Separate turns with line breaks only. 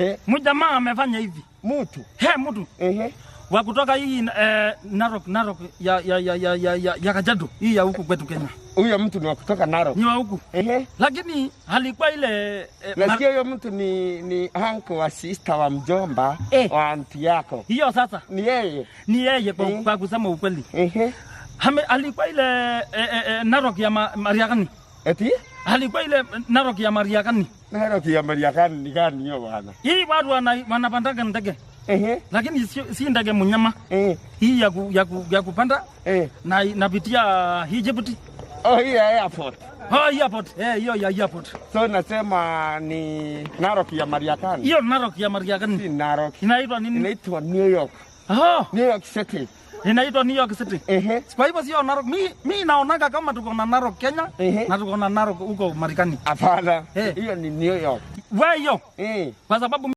Eh. Mjamaa amefanya hivi. Mtu. He, mtu. Eh. Wa kutoka hii eh, Narok Narok ya ya ya ya ya, ya, ya Kajiado. Hii ya huku kwetu Kenya.
Huyo mtu ni wa kutoka Narok. Ni wa huku. Ehe.
Lakini halikuwa ile eh,
Nasikia huyo mtu ni ni uncle wa sister wa mjomba eh, wa aunti yako. Hiyo sasa. Ni yeye.
Ni yeye kwa, eh, kwa kusema ukweli. Ehe. Hame, alikuwa ile eh, eh, eh Narok ya ma, Mariagani. Eti? Alikuwa ile Narok ya Mariakani.
Narok ya Mariakani ni gani hiyo bwana?
Hii watu wana, wanapandanga ndege. Ehe. Lakini si, si ndege mnyama. Ehe. Hii ya, ku, ya, ku, ya kupanda. Ehe. Na napitia hii uh, Djibouti.
Oh, hii ya airport.
Oh, hii airport. Eh, hiyo ya airport.
So nasema ni Narok ya Mariakani.
Hiyo Narok ya Mariakani.
Si Narok. Inaitwa nini? Inaitwa New York. Aha. New York City.
Inaitwa New York City. Ehe. Kwa hivyo sio Narok. Mimi mimi naonaga kama tuko na Narok Kenya Ehe. na tuko na Narok huko Marekani. Hapana. Eh. Hiyo
ni New York. Wewe hiyo. Eh.
Kwa sababu